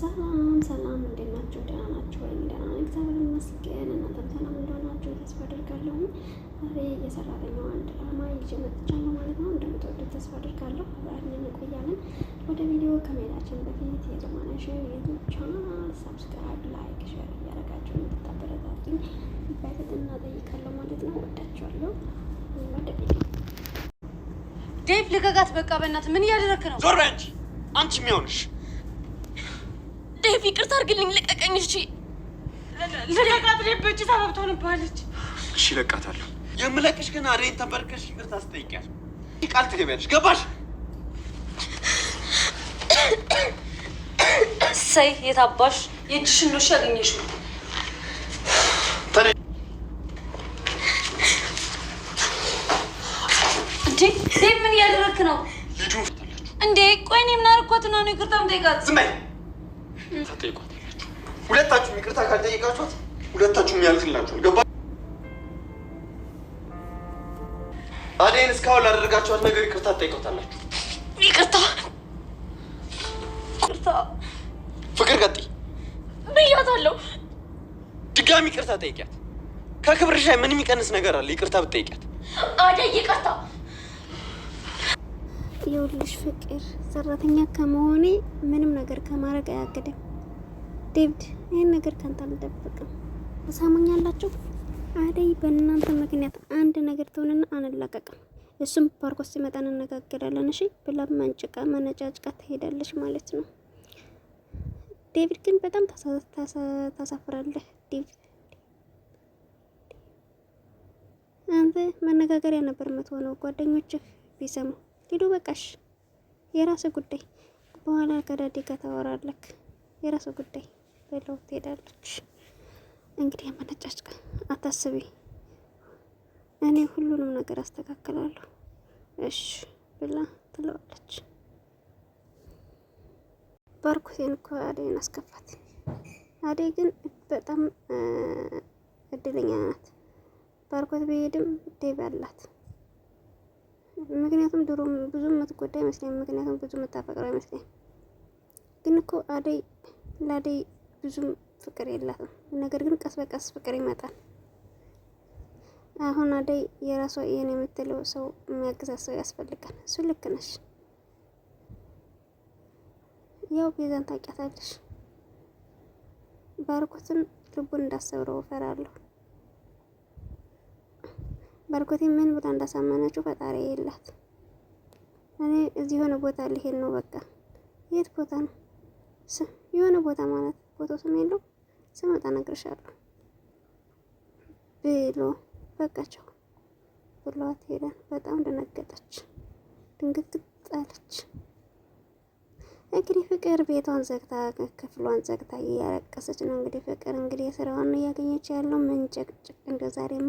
ሰላም ሰላም፣ እንዴት ናችሁ? ደህና ናቸው ወይ? ደህና ነው እግዚአብሔር ይመስገን። እናንተም ሰላም እንደሆናችሁ ተስፋ አደርጋለሁ። ዛሬ የሰራተኛዋን ድራማ ይዤ መጥቻለሁ ማለት ነው። እንደምትወዱት ተስፋ አደርጋለሁ። አብረን እንቆያለን። ወደ ቪዲዮ ከመሄዳችን በፊት የዘማነሽን ዩቱብ ቻናል ሰብስክራይብ፣ ላይክ፣ ሼር እያደረጋችሁ እንድታበረታቱኝ በትህትና እጠይቃለሁ ማለት ነው። ወዳችኋለሁ። ወደ ቪዲዮ ዴቭ ልቀቃት፣ በቃ በእናትህ ምን እያደረክ ነው? ዞር በይ አንቺ አንቺ የሚሆንሽ ዴቭ ይቅርታ አድርግልኝ፣ ልቀቀኝ። እሺ ልቀቃት። ዴቭ በእጅ ተመብቶ ንባለች። እሺ እለቃታለሁ። የምለቅሽ ግን አደይን ተንበርከሽ ይቅርታ አስጠይቂያለሁ። ቃል ትገቢያለሽ። ገባሽ? እሰይ የታባሽ የእጅሽን ነው ያገኘሽው። ምን እያደረክ ነው እንዴ? ቆይ እኔ ምን አደረኳት ነው ይቅርታ የምጠይቃት? ዝም በይ ታጠይቋት ያላችሁ ሁለታችሁም ይቅርታ ካልጠይቃችኋት ሁለታችሁም ያልቅላችኋል። ገባ እኔን እስካሁን ላደረጋችኋት ነገር ይቅርታ ትጠይቋታላችሁ። ይቅርታ ይቅርታ ፍቅር ቀጥይ ብያታለሁ። ድጋሚ ይቅርታ ጠይቂያት። ከክብርሽ ላይ ምንም የሚቀንስ ነገር አለ? ይቅርታ ብትጠይቂያት አደይ ይቅርታ የውልሽ ፍቅር ሰራተኛ ከመሆኔ ምንም ነገር ከማድረግ አያገደም። ዴቪድ ይህን ነገር ከአንተ አልጠብቅም። ተሳሙኛላችሁ። አደይ በእናንተ ምክንያት አንድ ነገር ትሆንና አንላቀቅም። እሱም ፓርኮስ ሲመጣ እንነጋገራለን እሺ ብላ መንጭቃ መነጫጭቃ ትሄዳለች ማለት ነው። ዴቪድ ግን በጣም ታሳፍራለህ። ዴቪድ አንተ መነጋገሪያ ነበር የምትሆነው ጓደኞችህ ቢሰሙ ሂዱ በቃሽ። የራስ ጉዳይ በኋላ ከዳዴ ጋር ታወራለክ። የራስ ጉዳይ በለው ትሄዳለች። እንግዲህ አመነጫጭ አታስቢ፣ እኔ ሁሉንም ነገር አስተካክላለሁ። እሺ ብላ ትለዋለች። ባርኮቴን እኮ አደይን አስከፋት። አደይ ግን በጣም እድለኛ ናት። ባርኮት በሄድም ዴብ አላት። ምክንያቱም ድሮ ብዙ የምትጎዳ አይመስለኝም። ምክንያቱም ብዙ የምታፈቅረው አይመስለኝም። ግን እኮ አደይ ለአደይ ብዙም ፍቅር የላትም። ነገር ግን ቀስ በቀስ ፍቅር ይመጣል። አሁን አደይ የራሷ ይህን የምትለው ሰው የሚያግዛት ሰው ያስፈልጋል። እሱ ልክ ነሽ። ያው ቤዛን ታውቂያታለሽ። ባርኮትም ልቡን እንዳሰብረው እፈራለሁ። ባርኮቴ ምን ብላ እንዳሳመነችው ፈጣሪ የላት። እኔ እዚህ የሆነ ቦታ ሊሄድ ነው። በቃ የት ቦታ ነው? የሆነ ቦታ ማለት ቦታው ስም የለው ስመጣ እነግርሻለሁ ብሎ በቃቸው ብሏት ሄደ። በጣም ደነገጠች። ድንግጥ አለች። እንግዲህ ፍቅር ቤቷን ዘግታ ክፍሏን ዘግታ እያለቀሰች ነው። እንግዲህ ፍቅር እንግዲህ የስራውን ነው እያገኘች ያለው። ምን ጭቅጭቅ እንደ ዛሬማ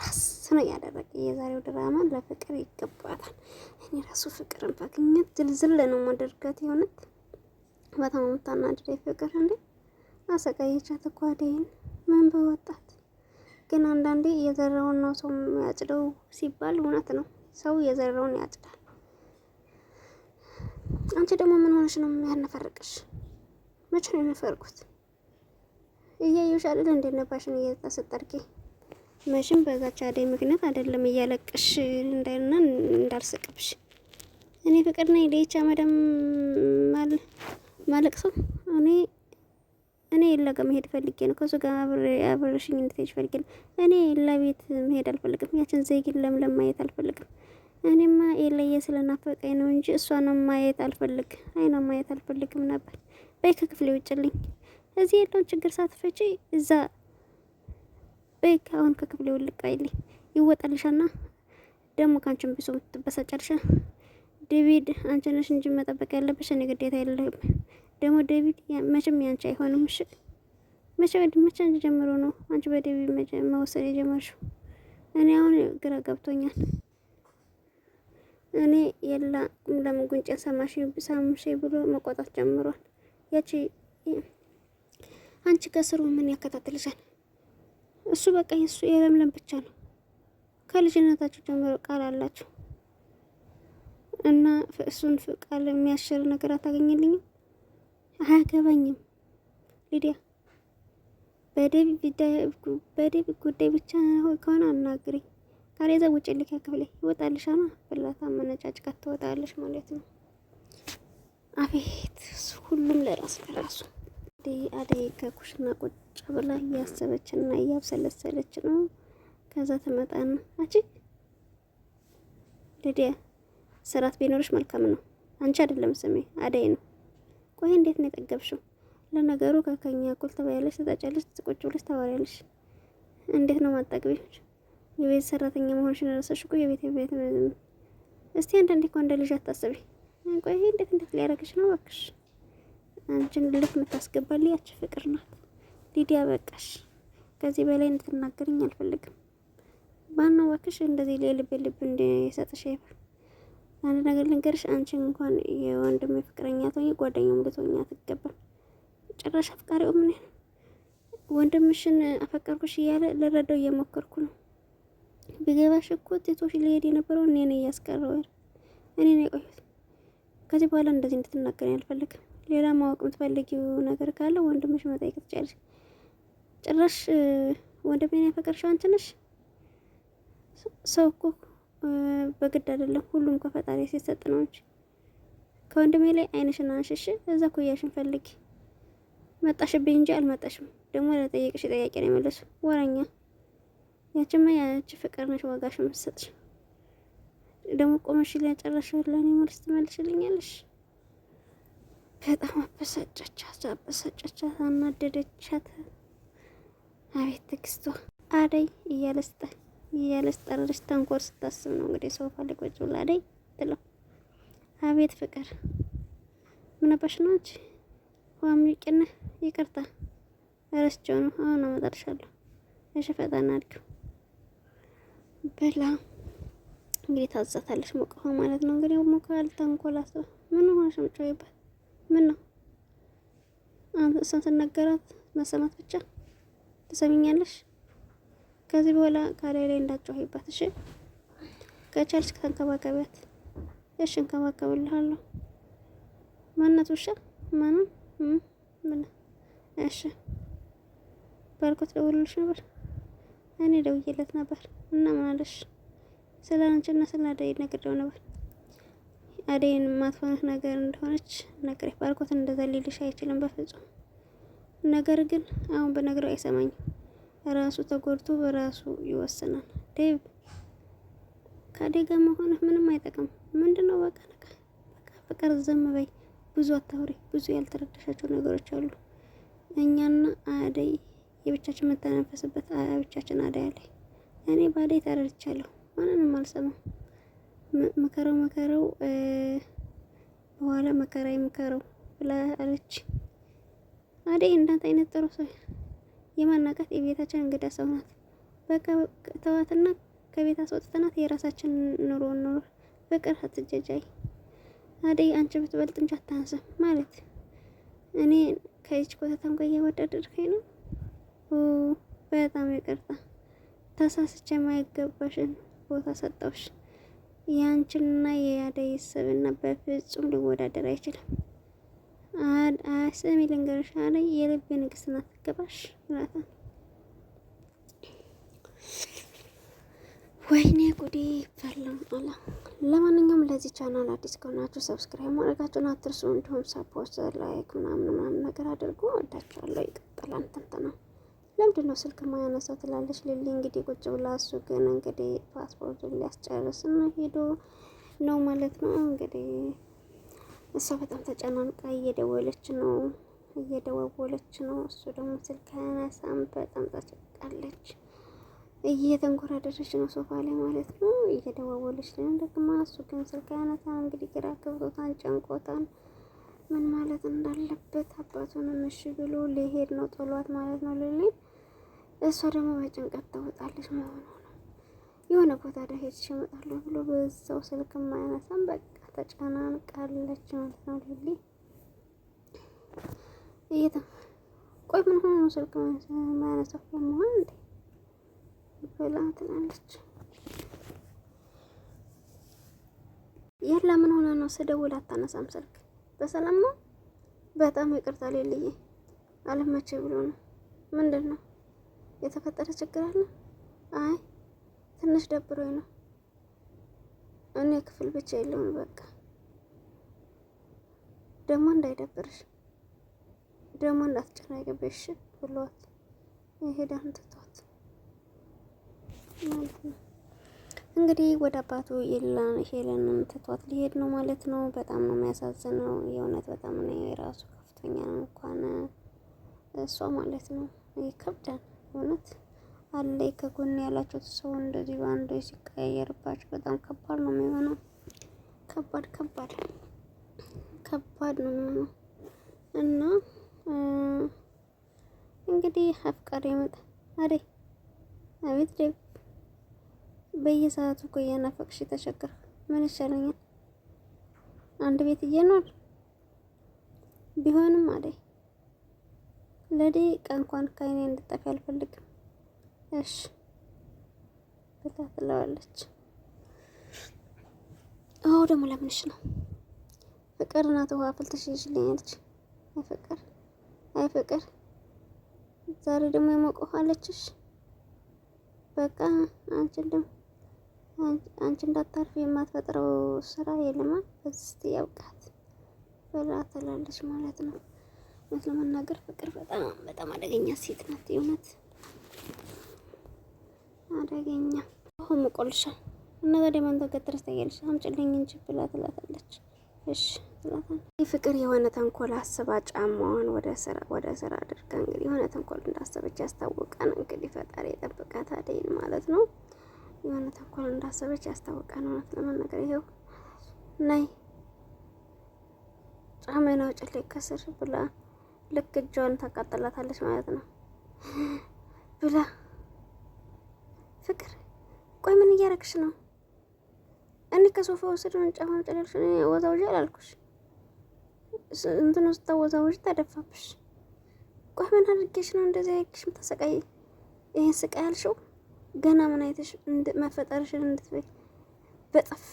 ራስ ነው ያደረገ። የዛሬው ድራማ ለፍቅር ይገባታል። እኔ ራሱ ፍቅርን ባገኘት ዝልዝል ነው ማደርጋት። የሆነት በጣም የምታናድድ ፍቅር እንዴ! አሰቃየቻት እኮ አደይን ምን በወጣት ግን አንዳንዴ የዘራውን ነው ሰው ያጭደው ሲባል እውነት ነው። ሰው የዘራውን ያጭዳል። አንቺ ደግሞ ምን ሆነሽ ነው የሚያነፈርቅሽ? መቼ ነው የነፈርኩት? እያየሽ አይደል እንዴ ነባሽን እየተሰጠርኪ መሽም በዛች አደይ ምክንያት አይደለም እያለቅሽ እንዳይና እንዳልሰቅብሽ እኔ ፍቅር ነኝ ለይቻ መደም ማል ማለቅሶ እኔ እኔ የላ ጋር መሄድ ፈልጌ ነው። ከሱ ጋር አብሬ አብረሽኝ እንድትሄጂ ፈልጌ ነው። እኔ የላ ቤት መሄድ አልፈልግም። ያችን ዘይግን ለምለም ማየት አልፈልግም። እኔማ የለየ ስለናፈቀኝ ነው እንጂ እሷንም ማየት አልፈልግ አይና ማየት አልፈልግም ነበር። በይ ከክፍሌ ውጭልኝ። እዚህ ያለውን ችግር ሳትፈጪ እዛ በይ አሁን ከክፍሌ ውልቅ አይልኝ ይወጣልሻና ደግሞ ከአንቺም ብሶ ትበሳጫልሻ ዴቪድ አንቺ ነሽ እንጂ መጠበቅ ያለብሽ እኔ ግዴታ የለብም። ደግሞ ዴቪድ መቼም ያንቺ አይሆንም። እሺ መቼ መቼ ጀምሮ ነው አንቺ በዴቪድ መወሰድ የጀመርሽው? እኔ አሁን ግራ ገብቶኛል። እኔ የላ ለምን ጉንጬን ሰማሽ ሳምሽ ብሎ መቆጣት ጀምሯል። ያቺ አንቺ ከስሩ ምን ያከታትልሻል? እሱ በቃ እሱ የለምለም ብቻ ነው። ከልጅነታችሁ ጀምሮ ቃል አላችሁ እና እሱን ቃል የሚያሽር ነገር አታገኝልኝም። አያገባኝም ሊዲያ በደብ ጉዳይ ብቻ ከሆነ አናግሪኝ። ካሌዛ ውጭ ልክ ይወጣልሻ ነው። ጭንቅላታ መነጫጭቃት ትወጣለች ማለት ነው። አቤት ሁሉም ለራስ ለራሱ አደይ ከኩሽና ቁጭ ብላ እያሰበች እና እያብሰለሰለች ነው። ከዛ ትመጣና አቺ ልዲያ ስራት ቢኖርሽ መልካም ነው። አንቺ አይደለም ስሜ አደይ ነው። ቆይ እንዴት ነው የጠገብሽው? ለነገሩ ከከኛ እኩል ትበያለሽ፣ ትጠጫለሽ፣ ቁጭ ብለሽ ታወሪያለሽ። እንዴት ነው ማጠግቢዎች? የቤት ሰራተኛ መሆንሽን ረሳሽ እኮ የቤት ቤት እስቲ አንዳንዴ እኮ እንደ ልጅ አታስቢ። ቆይ ይሄ እንዴት እንዴት ሊያደርግሽ ነው? እባክሽ አንቺን ልክ የምታስገባ ያቺ ፍቅር ናት ሊዲያ። በቃሽ፣ ከዚህ በላይ እንድትናገርኝ አልፈልግም። ነው እባክሽ እንደዚህ ልብ ልብ እንዲሰጥሽ ይባል። አንድ ነገር ልንገርሽ፣ አንቺን እንኳን የወንድም ፍቅረኛ ትሆኚ ጓደኛም ልትሆኚ አትገባም። ጭራሽ አፍቃሪው ምን ወንድምሽን አፈቀርኩሽ እያለ ልረዳው እየሞከርኩ ነው ቢገባሽ እኮ ቴቶሽ ሊሄድ የነበረው ያስቀረው እኔ ነኝ የቆዩት። ከዚህ በኋላ እንደዚህ እንድትናገር አልፈልግም። ሌላ ማወቅ የምትፈልጊው ነገር ካለ ወንድምሽ መጠየቅ ትችያለሽ። ጭራሽ ወንድሜን ያፈቀርሽው አንቺ ነሽ። ሰው እኮ በግድ አይደለም፣ ሁሉም ከፈጣሪ ሲሰጥ ነው እንጂ። ከወንድሜ ላይ አይንሽን አንሽሽ፣ እዛ ኩያሽን ፈልጊ። መጣሽብኝ እንጂ አልመጣሽም። ደግሞ ለጠየቅሽ ጥያቄ ነው የመለሱ ወረኛ ያችማ ያቺ ፍቅር ነች ዋጋሽ የምትሰጥሽ። ደግሞ ቆመሽ ላይ ጨረሽ ለኔ መልስ ትመልሽልኛለሽ። በጣም አበሳጨቻት፣ አበሳጨቻት፣ አናደደቻት። አቤት ትዕግስቷ አደይ እያለስጠ እያለስጠረች ተንኮር ስታስብ ነው እንግዲህ ሰው ፈልጎ ጭላ አደይ ትለው። አቤት ፍቅር ምን አባሽ ነው አንቺ ዋም ይቅነ ይቅርታ ረስቼው ነው። አሁን አመጣልሻለሁ። እሺ ፈጣን አድርጊው። በላ እንግዲህ ታዛታለች። ሞቀ ማለት ነው እንግዲህ ሞቀ አልተንኮላት ምን ሆነሽ ይባል ምን ነው እሷን ስነገራት መሰማት ብቻ ትሰሚኛለሽ። ከዚህ በኋላ ካላይ ላይ እንዳትጮሂባት እሺ። ከቻልሽ ተንከባከቢያት። እሺ እንከባከብልሃለሁ። ማናት ውሻ ማንም ምን እሺ ባልኮት ደውልልሽ ነበር እኔ ደውዬለት ነበር። እና ምን አለሽ? ስለ አንቺና ስለ አደይ ነግሬው ነበር። አደይን ማጥፋት ነገር እንደሆነች ነገር ባልኮት እንደዛ ሊልሽ አይችልም በፍጹም። ነገር ግን አሁን በነግረው አይሰማኝም። ራሱ ተጎድቶ በራሱ ይወስናል። ዴቭ ከአደይ ጋር መሆንህ ምንም አይጠቅም። ምንድነው በቃ ነቃ በቃ ፍቅር፣ ዝም በይ። ብዙ አታውሪ። ብዙ ያልተረዳሻቸው ነገሮች አሉ። እኛና አደይ የብቻችን የምንተነፈስበት ብቻችን አደይ አለ። እኔ ባዴ ተረድቻለሁ። ማንንም አልሰማም። መከረው መከረው በኋላ መከራ መከረው ብላ አለች። አደይ እንዳንተ አይነት ጥሩ ሰው የማናቃት የቤታችን እንግዳ ሰው ናት። በቃ ተዋትና ከቤት አስወጥተናት የራሳችን ኑሮ ኑሮ በቅር አትጀጃይ። አደይ አንቺ ብትበልጥ እንጂ አታንስም ማለት እኔ ከይች ኮተታም ጋር እያወዳደርከኝ ነው። በጣም ይቅርታ። ተሳስቼ የማይገባሽን ቦታ ሰጠውሽ። የአንችንና የአደይ ሰብና በፍጹም ሊወዳደር አይችልም። አስሚ ልንገርሽ፣ አለ የልብ ንግስት ናት፣ ገባሽ? ይላታል። ወይኔ ጉዴ ይፈላም አለ። ለማንኛውም ለዚህ ቻናል አዲስ ከሆናችሁ ሰብስክራይብ ማድረጋችሁን አትርሱ። እንዲሁም ሳፖርት ላይክ ምናምን ምናምን ነገር አድርጎ ወዳችኋለሁ። ይቀጥላል። እንትን ነው ለምንድን ነው ስልክ ማያነሳ ትላለች ሊሊ እንግዲህ ቁጭ ብላ። እሱ ግን እንግዲህ ፓስፖርቱን ሊያስጨርስ እና ሄዶ ነው ማለት ነው እንግዲህ እሷ በጣም ተጨናንቃ እየደወለች ነው እየደወወለች ነው። እሱ ደግሞ ስልክ አያነሳም። በጣም ተጨቃለች። እየተንጎራደረች ነው ሶፋ ላይ ማለት ነው። እየደዋወለች ነው ደግሞ እሱ ግን ስልክ አያነሳም። እንግዲህ ግራ ገብቶታን ጨንቆታን ምን ማለት እንዳለበት አባቱንም እሺ ብሎ ሊሄድ ነው ጥሏት ማለት ነው ሌሊት እሷ ደግሞ በጭንቀት ትወጣለች መሆኑ ነው። የሆነ ቦታ ደ ሽመጣለሁ ብሎ በዛው ስልክ ማያነሳም በቃ ተጨናንቃለች ማለት ነው። ሊሊ እየተ ቆይ ምን ሆኖ ነው ስልክ ማያነሳ መሆን እንዴ ብላ ትላለች። የላ ምን ሆነ ነው ስደውል አታነሳም ስልክ? በሰላም ነው? በጣም ይቅርታ ሊልዬ አለመቼ ብሎ ነው ምንድን ነው የተፈጠረ ችግር አለ? አይ ትንሽ ደብሮኝ ነው። እኔ ክፍል ብቻ የለውም። በቃ ደግሞ እንዳይደብርሽ፣ ደግሞ እንዳትጨናገበሽ ብሏት የሄዳን ትቷት ማለት ነው። እንግዲህ ወደ አባቱ ሄለንን ትቷት ሊሄድ ነው ማለት ነው። በጣም ነው የሚያሳዝነው። የእውነት በጣም ነው የራሱ ከፍተኛ እንኳን እሷ ማለት ነው ይከብዳል። በእውነት አለ ከጎን ያላቸው ሰው እንደዚህ በአንዱ ሲቀያየርባቸው በጣም ከባድ ነው የሚሆነው። ከባድ ከባድ ከባድ ነው የሚሆነው እና እንግዲህ አፍቃሪ ይመጣ አሬ አቤት ደግ በየሰዓቱ እኮ እያናፈቅሽ ተቸገረ። ምን ይሻለኛል? አንድ ቤት እየኖር ቢሆንም አደይ ለደቂቃ እንኳን ከአይኔ እንድጠፊ አልፈልግም። እሺ ብላ ትለዋለች። አዎ ደግሞ ለምንሽ ነው ፍቅር እናት ውሃ ፍልተሽ ይችልኛለች። አይ ፍቅር፣ አይ ፍቅር፣ ዛሬ ደግሞ የሞቀ ውሃ አለችሽ። በቃ አንቺ ደግሞ አንቺ እንዳታርፍ የማትፈጥረው ስራ የለማ በዚህ ያውቃት ብላ ትላለች ማለት ነው። እውነት ለመናገር ፍቅር በጣም በጣም አደገኛ ሴት ናት። የእውነት አደገኛ አሁን ቆልሻል እና ወደ ማን ተከትረሽ ታያለሽ? አምጪልኝ እንጂ ብላ ትላታለች። እሺ ትላታለች። ፍቅር የሆነ ተንኮል አስባ ጫማዋን ወደ ስራ ወደ ስራ አድርጋ እንግዲህ የሆነ ተንኮል እንዳሰበች ያስታውቀን። እንግዲህ ፈጣሪ የጠብቃት አደይን ማለት ነው። የሆነ ተንኮል እንዳሰበች ያስታውቀን። እውነት ለመናገር ይሄው ናይ ጫማዬን አውጪልኝ ከስር ብላ ልክ እጇን ታቃጥላታለች ማለት ነው ብላ ፍቅር፣ ቆይ ምን እያረግሽ ነው? እኔ ከሶፋ ውስድ ነው ጫማውን ጥለሽ ወዛውጅ አላልኩሽ? እንትኑ ስታወዛውጅ ታደፋብሽ። ቆይ ምን አድርጌሽ ነው እንደዚህ ያልክሽ ተሰቃይ ይህን ስቃ ያልሽው ገና ምን አይተሽ መፈጠርሽን እንድትበይ በጠፊ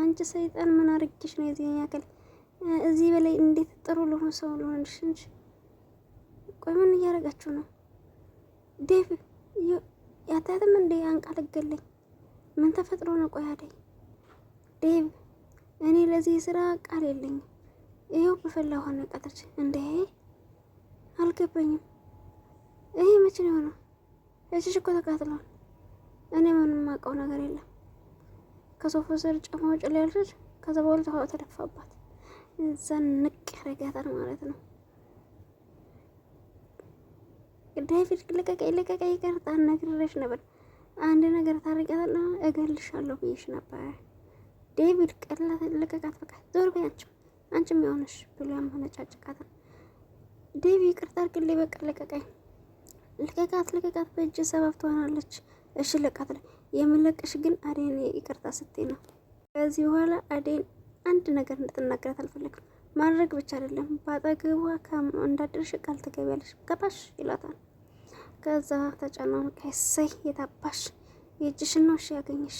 አንቺ ሰይጣን ምን አድርጌሽ ነው የዚህ ያክል? እዚህ በላይ እንዴት ጥሩ ልሆን ሰው ልሆንሽ እንጂ ቆይ ምን እያደረጋችሁ ነው? ዴቭ ያታትም እንደ ገለኝ። ምን ተፈጥሮ ነው? ቆይ አደይ ዴቭ እኔ ለዚህ ስራ ቃል የለኝም። ይኸው በፈላ ውሃ ነው እንዴ እንደ አልገባኝም። ይሄ መቼ ነው የሆነው? እጅሽ እኮ ተቃጥሏል። እኔ ምንም ማቀው ነገር የለም። ከሶፋ ስር ጫማ ውጭ ላይ ያልሽች ከዛ በኋላ ተደፋባት። እዛ ንቅ ያረጋታል ማለት ነው። ዳይቪድ ልቀቀኝ ልቀቀኝ፣ ይቅርታ ነግሬሽ ነበር። አንድ ነገር ታረቂያታለሁ፣ እገልሻለሁ ብዬሽ ነበር። ዴቪድ ቀላት፣ ልቀቃት፣ በቃ ዞር በይ አንቺም አንቺም የሆነሽ ብሎ ያመነጫጭቃታል። ዴቪ ይቅርታ አድርግልኝ፣ በቃ ልቀቀኝ፣ ልቀቃት፣ ልቀቃት፣ በእጅ ሰበብ ትሆናለች። እሺ ልቀቃት፣ የምለቅሽ ግን አዴን ይቅርታ ስትይ ነው። ከዚህ በኋላ አዴን አንድ ነገር እንድትናገራት አልፈለግም። ማድረግ ብቻ አይደለም፣ በአጠገቧ እንዳደርሽ ቃል ትገቢያለሽ፣ ገባሽ ይላታል። ከዛ ተጨናንቃ እሰይ የታባሽ የእጅሽን ነው እሺ ያገኘሽ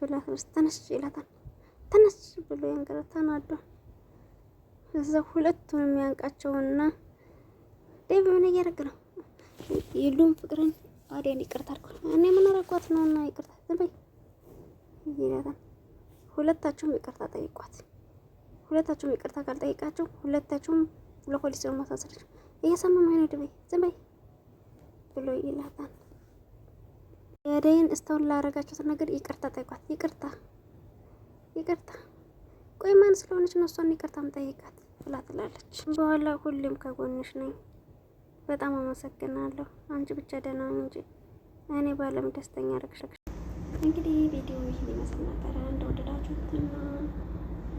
ብላ ተነስ ይላታል። ተነስ ብሎ ያንገራት ተናዶ እዛ ሁለቱንም የሚያንቃቸውና ዴቭ ምን እያደረግ ነው? የሉም ፍቅርን አዲያን ይቅርታ አድርጎ እኔ ምን አደረጓት ነውና ይቅርታ ዝም በይ ይላታል። ሁለታቸውም ይቅርታ ጠይቋት ሁለታችሁም ይቅርታ ካልጠይቃችሁ ሁለታችሁም ለፖሊስ ነው ማሳሰራችሁ። እየሰማማኝ ነው ድቤ ዝም በይ ብሎ ይላታል። የአደይን እስካሁን ላደረጋችሁትን ነገር ይቅርታ ጠይቋት። ይቅርታ ይቅርታ። ቆይ ማን ስለሆነች ነው እሷን ይቅርታም ጠይቃት ብላ ትላለች። በኋላ ሁሌም ከጎንሽ ነኝ፣ በጣም አመሰግናለሁ። አንቺ ብቻ ደህና እንጂ እኔ ባለም ደስተኛ ረግሸግ። እንግዲህ ቪዲዮ ይህን ይመስል ነበረ እንደወደዳችሁትና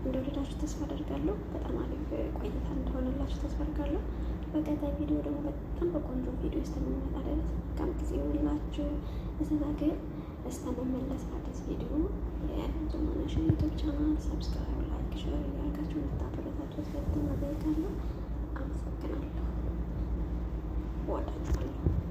እንደወደዳችሁ ተስፋ አደርጋለሁ። በጣም አሪፍ ቆይታ እንደሆነላችሁ ተስፋ አደርጋለሁ። በቀጣይ ቪዲዮ ደግሞ በጣም በቆንጆ ቪዲዮ እስከምንመጣ ድረስ መልካም ጊዜ ይሁንላችሁ። እዛ ግን እስከምመለስ በአዲስ ቪዲዮ የያለን ዩቱብ ቻናል ሰብስክራይብ፣ ላይክ፣ ሸር እያደረጋችሁ የምታበረታችሁ ስለትን መጠይቃለሁ። አመሰግናለሁ። እወዳችኋለሁ።